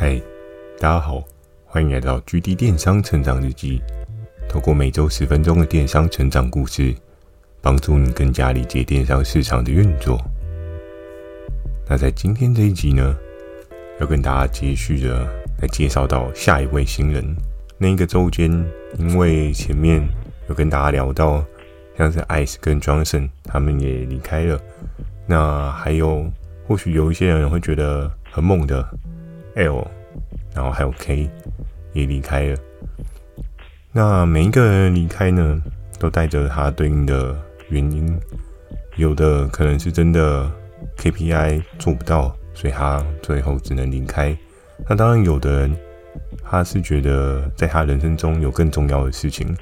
嗨，Hi, 大家好，歡迎來到 GD 電商成長日記。透過每周十分鐘的電商成長故事，幫助你更加理解電商市場的運作。那在今天這一集呢，要跟大家接續的來介紹到下一位新人。那個周間，因為前面有跟大家聊到，像是艾斯跟 Johnson 他們也離開了。那還有，或許有一些人會覺得很猛的。L，然後還有 K 也離開了。那每一個人離開呢，都帶着他對應的原因。有的可能是真的 KPI 做不到，所以他最後只能離開。那當然，有的人他是覺得在他人生中有更重要的事情，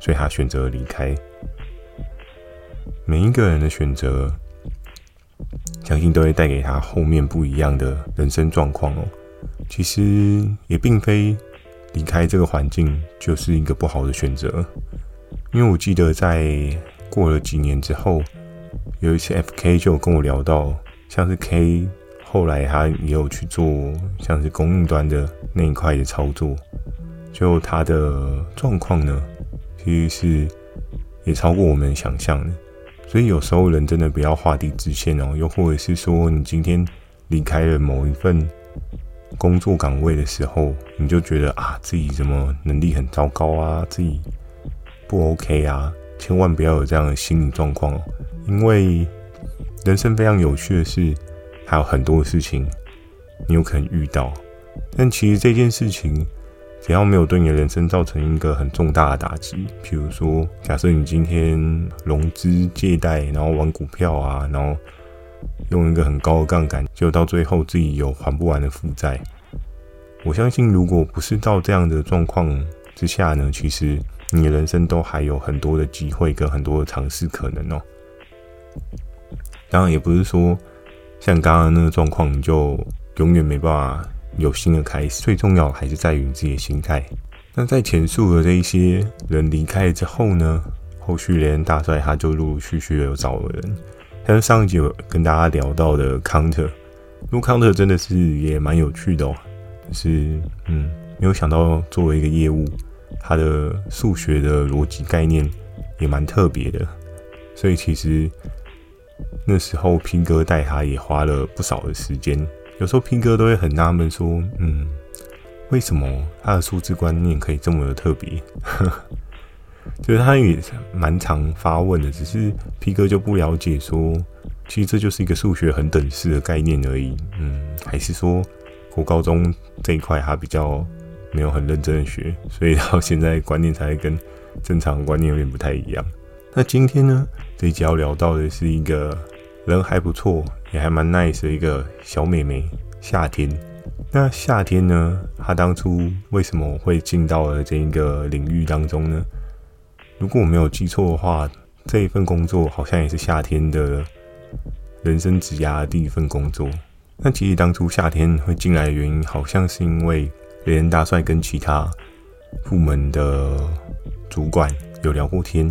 所以他選擇離開。每一個人的選擇，相信都會帶給他後面不一樣的人生狀況哦。其實也並非離開這個環境就是一個不好的選擇，因為我記得在過了幾年之後，有一次 FK 就跟我聊到，像是 K 後來他也有去做像是供應端的那一塊的操作，就他的狀況呢其實是也超過我們的想象的，所以有時候人真的不要畫地自限哦，又或者是說你今天離開了某一份工作崗位的時候，你就覺得啊，自己怎麼能力很糟糕啊，自己不 OK 啊！千萬不要有這樣的心理狀況，因為人生非常有趣的是，還有很多的事情你有可能遇到。但其實這件事情，只要沒有對你的人生造成一個很重大的打擊，比如說，假設你今天融資借貸，然後玩股票啊，然後。用一個很高的槓桿，就到最後自己有還不完的負債。我相信，如果不是到這樣的狀況之下呢，其實你的人生都還有很多的機會跟很多的嘗試可能哦。當然，也不是說像剛剛那個狀況，你就永遠沒辦法有新的開始。最重要的還是在於你自己的心態。那在前述的這一些人離開之後呢，後續連大帥他就陸陸續續的有找了人。還有上一集有跟大家聊到的 counter，因為 counter 真的是也蠻有趣的哦，就是嗯，沒有想到作為一個業務，他的數學的邏輯概念也蠻特別的，所以其實那時候拼哥帶他也花了不少的時間，有時候拼哥都會很納悶說，嗯，為什麼他的數字觀念可以這麼的特別？呵呵就是他也蠻常發問的，只是皮哥就不了解說，說其實這就是一個數學很等式的概念而已。嗯，還是說國高中這一塊他比較沒有很認真的學，所以到現在觀念才會跟正常觀念有點不太一樣。那今天呢，這一集要聊到的是一個人還不錯，也還蠻 nice 的一個小美眉夏天。那夏天呢，她當初為什麼會進到了這一個領域當中呢？如果我沒有記錯的話，這一份工作好像也是夏天的人生職涯第一份工作。那其實當初夏天會進來的原因，好像是因為雷恩大帥跟其他部門的主管有聊過天，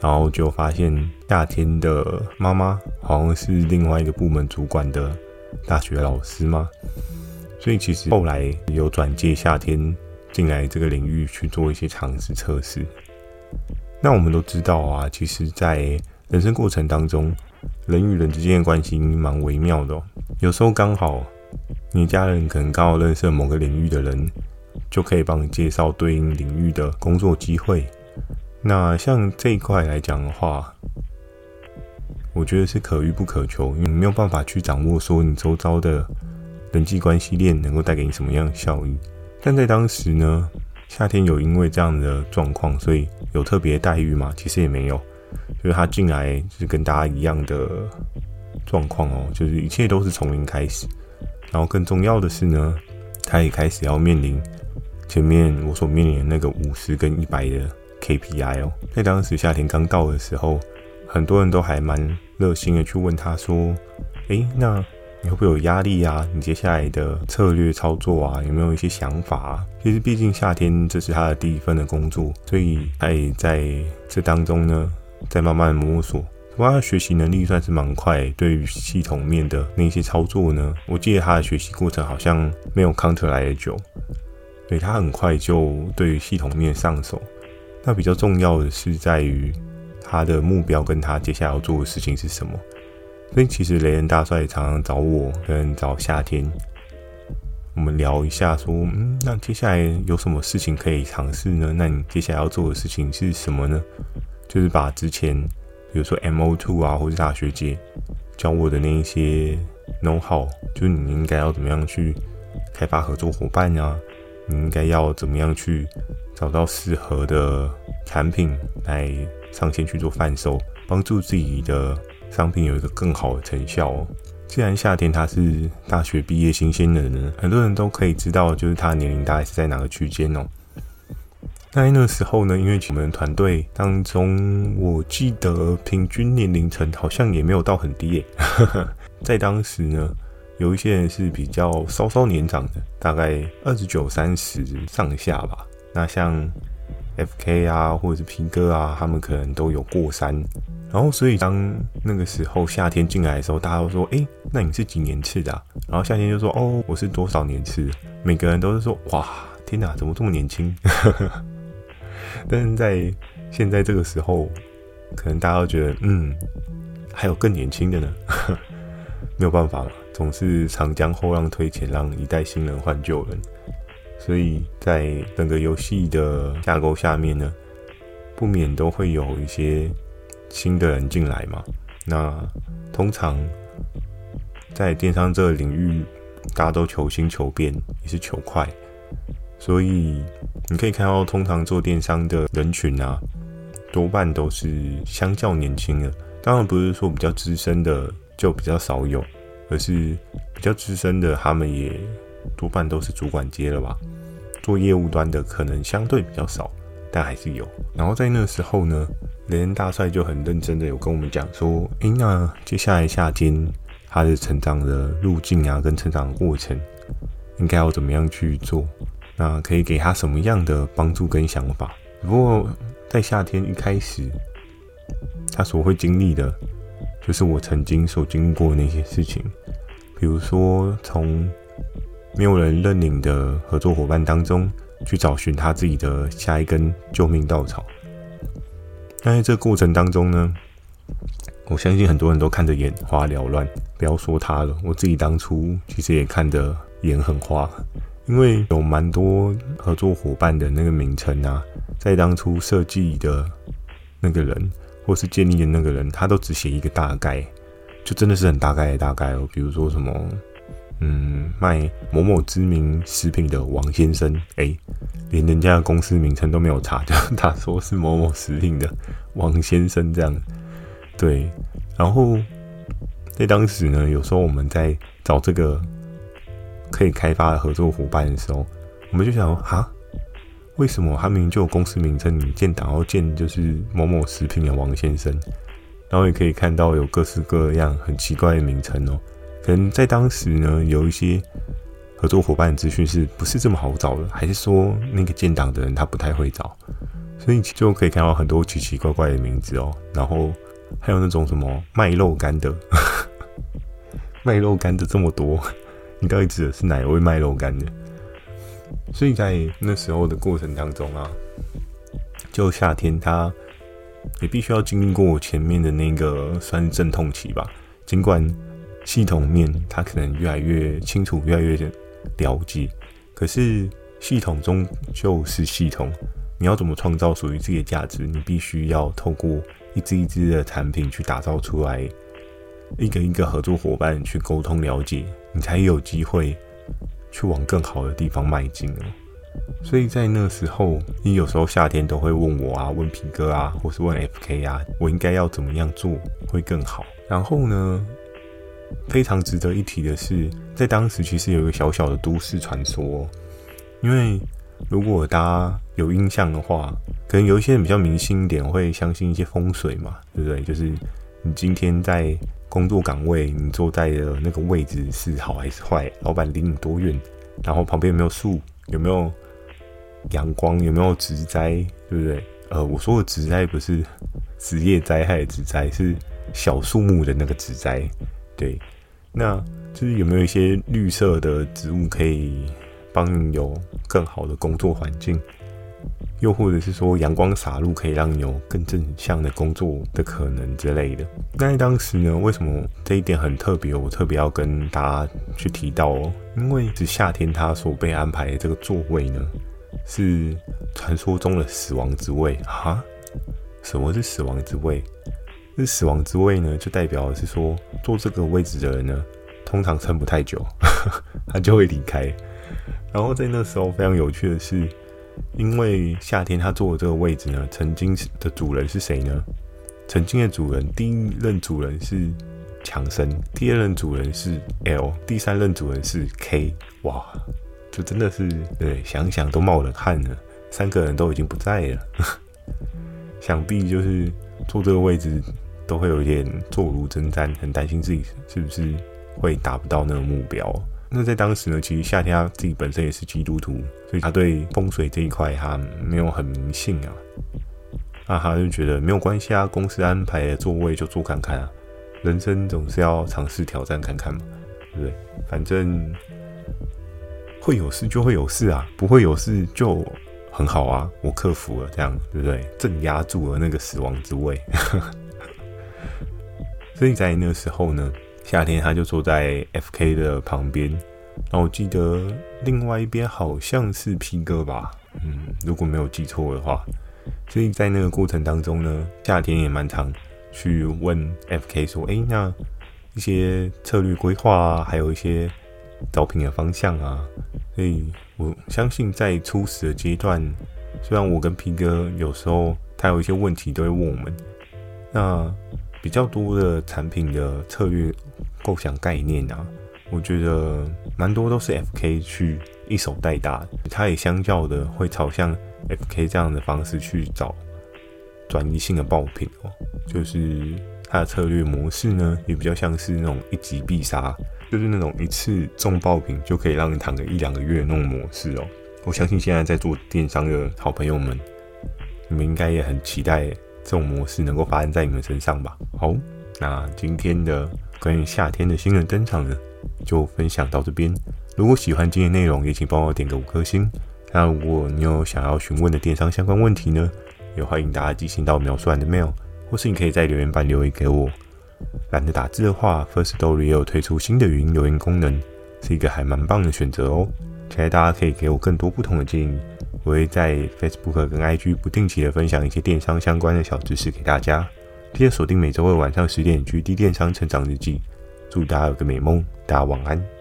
然後就發現夏天的媽媽好像是另外一個部門主管的大學老師嘛，所以其實後來有轉借夏天進來這個領域去做一些嘗試測試。那我們都知道啊，其實，在人生過程當中，人與人之間的關係蠻微妙的哦。有時候剛好，你家人可能剛好認識某個領域的人，就可以幫你介紹對應領域的工作機會。那像這一塊來講的話，我覺得是可遇不可求，因為你沒有辦法去掌握說你周遭的人際關係鏈能夠帶給你什麼樣的效益。但在當時呢？夏天有因為這樣的狀況，所以有特別待遇嗎？其實也沒有，就是他進來就是跟大家一樣的狀況哦，就是一切都是從零開始。然後更重要的是呢，他也開始要面臨前面我所面臨的那個五十跟一百的 KPI 哦。在當時夏天剛到的時候，很多人都還蠻熱心的去問他說：“誒、欸，那……”會不會有壓力啊？你接下來的策略操作啊，有沒有一些想法啊？其實，畢竟夏天，這是他的第一份的工作，所以，他也在這當中呢，在慢慢摸索。不過他的學習能力算是蠻快，對於系統面的那些操作呢，我記得他的學習過程好像沒有 counter 來得久，所以他很快就對於系統面上手。那比較重要的是在於他的目標跟他接下來要做的事情是什麼。所以其實雷恩大帥也常常找我跟找夏天，我們聊一下說，說嗯，那接下來有什麼事情可以嘗試呢？那你接下來要做的事情是什麼呢？就是把之前比如說 MO2 啊，或者是大學姐教我的那一些，弄好，就是你應該要怎麼樣去開發合作夥伴啊？你應該要怎麼樣去找到適合的產品來上線去做販售，幫助自己的。商品有一個更好的成效哦。既然夏天他是大學畢業新鮮人呢，很多人都可以知道，就是他年齡大概是在哪個區間哦。那那時候呢，因為我們團隊當中，我記得平均年齡層好像也沒有到很低耶。 在當時呢，有一些人是比較稍稍年長的，大概二十九、三十上下吧。那像。F.K. 啊，或者是 P 哥啊，他們可能都有過山，然後所以當那個時候夏天進來的時候，大家都說：“誒，那你是幾年次的啊？”然後夏天就說：“哦，我是多少年次。”每個人都是說：“哇，天哪，怎麼這麼年輕？” 但是在現在這個時候，可能大家都覺得：“嗯，還有更年輕的呢。 ”沒有辦法，總是長江後浪推前浪，一代新人換舊人。所以在整個遊戲的架構下面呢，不免都會有一些新的人進來嘛。那通常在電商這個領域，大家都求新求變，也是求快。所以你可以看到，通常做電商的人群啊，多半都是相較年輕的。當然不是說比較資深的就比較少有，而是比較資深的他們也。多半都是主管接了吧，做業務端的可能相對比較少，但還是有。然後在那個時候呢，雷恩大帥就很認真的有跟我們講說：“誒、欸，那接下來夏天他的成長的路徑啊，跟成長的過程應該要怎麼樣去做？那可以給他什麼樣的幫助跟想法？”不過在夏天一開始，他所會經歷的，就是我曾經所經歷過的那些事情，比如說從。沒有人認領的合作夥伴當中去找尋他自己的下一根救命稻草。那在這個過程當中呢，我相信很多人都看得眼花繚亂。不要說他了，我自己當初其實也看得眼很花，因為有蠻多合作夥伴的那個名稱啊，在當初設計的那個人或是建立的那個人，他都只寫一個大概，就真的是很大概的大概哦。比如說什麼？嗯，賣某某知名食品的王先生，哎、欸，連人家的公司名稱都沒有查，就他說是某某食品的王先生這樣。對，然後在當時呢，有時候我們在找這個可以開發的合作夥伴的時候，我們就想說，哈，為什麼他明明就有公司名稱，你建檔要建就是某某食品的王先生，然後也可以看到有各式各樣很奇怪的名稱哦、喔。可能在當時呢，有一些合作夥伴的資訊是不是這麼好找的？還是說那個建黨的人他不太會找？所以你就可以看到很多奇奇怪怪的名字哦。然後還有那種什麼賣肉乾的，賣 肉乾的這麼多，你到底指的是哪一位賣肉乾的？所以在那時候的過程當中啊，就夏天他也必須要經過前面的那個算是陣痛期吧，儘管。系統面，它可能越來越清楚，越來越了解。可是系統終究是系統，你要怎麼創造屬於自己的價值？你必須要透過一支一支的產品去打造出來，一個一個合作夥伴去溝通了解，你才有機會去往更好的地方邁進哦。所以在那時候，你有時候夏天都會問我啊，問平哥啊，或是問 F K 啊，我應該要怎麼樣做會更好？然後呢？非常值得一提的是，在當時其實有一個小小的都市傳說，因為如果大家有印象的話，可能有一些人比較迷信一點，會相信一些風水嘛，對不對？就是你今天在工作崗位，你坐在的那個位置是好還是壞？老闆離你多遠？然後旁邊有沒有樹？有沒有陽光？有沒有植栽，對不對？呃，我說的植栽不是職業災害的植栽，是小樹木的那個植栽。對，那就是有沒有一些綠色的植物可以幫你有更好的工作環境，又或者是說陽光灑入可以讓你有更正向的工作的可能之類的。但在當時呢，為什麼這一點很特別，我特別要跟大家去提到哦？因為是夏天，它所被安排的這個座位呢，是傳說中的死亡之位。哈，什麼是死亡之位？這死亡之位呢，就代表的是說坐這個位置的人呢，通常撐不太久，呵呵，他就會離開。然後在那時候非常有趣的是，因為夏天他坐的這個位置呢，曾經的主人是誰呢？曾經的主人第一任主人是強生，第二任主人是 L，第三任主人是 K。哇，就真的是，對，想想都冒冷汗了。三個人都已經不在了，呵呵，想必就是坐這個位置，都會有一點坐如針氈，很擔心自己是不是會達不到那個目標。那在當時呢，其實夏天他自己本身也是基督徒，所以他對風水這一塊他沒有很迷信啊。那、啊、他就覺得沒有關係啊，公司安排的座位就坐看看啊，人生總是要嘗試挑戰看看嘛，對不對？反正會有事就會有事啊，不會有事就很好啊，我克服了，這樣對不對？鎮壓住了那個死亡之位。 所以在那時候呢，夏天他就坐在 FK 的旁邊，那我記得另外一邊好像是 P 哥吧，嗯，如果沒有記錯的話。所以在那個過程當中呢，夏天也蠻常去問 FK 說，誒、欸，那一些策略規劃啊，還有一些招聘的方向啊，所以我相信在初始的階段，雖然我跟 P 哥有時候他有一些問題都會問我們，那。比較多的產品的策略構想概念啊，我覺得蠻多都是 FK 去一手帶大，他也相較的會朝向 FK 這樣的方式去找轉移性的爆品哦，就是他的策略模式呢也比較像是那種一擊必殺，就是那種一次中爆品就可以讓你躺個一兩個月的那種模式哦。我相信現在在做電商的好朋友們，你們應該也很期待。這種模式能夠發生在你們身上吧？好，那今天的關於夏天的新人登場呢，就分享到這邊。如果喜歡今天內容，也請幫我點個五顆星。那如果你有想要詢問的電商相關問題呢，也歡迎大家寄信到描述欄的 mail，或是你可以在留言板留言給我。懶得打字的話，Firstory 也有推出新的語音留言功能，是一個還蠻棒的選擇哦。期待大家可以給我更多不同的建議。我會在 Facebook 跟 IG 不定期的分享一些電商相關的小知識給大家，記得鎖定每週二晚上十點，GD 電商成長日記，祝大家有個美夢，大家晚安。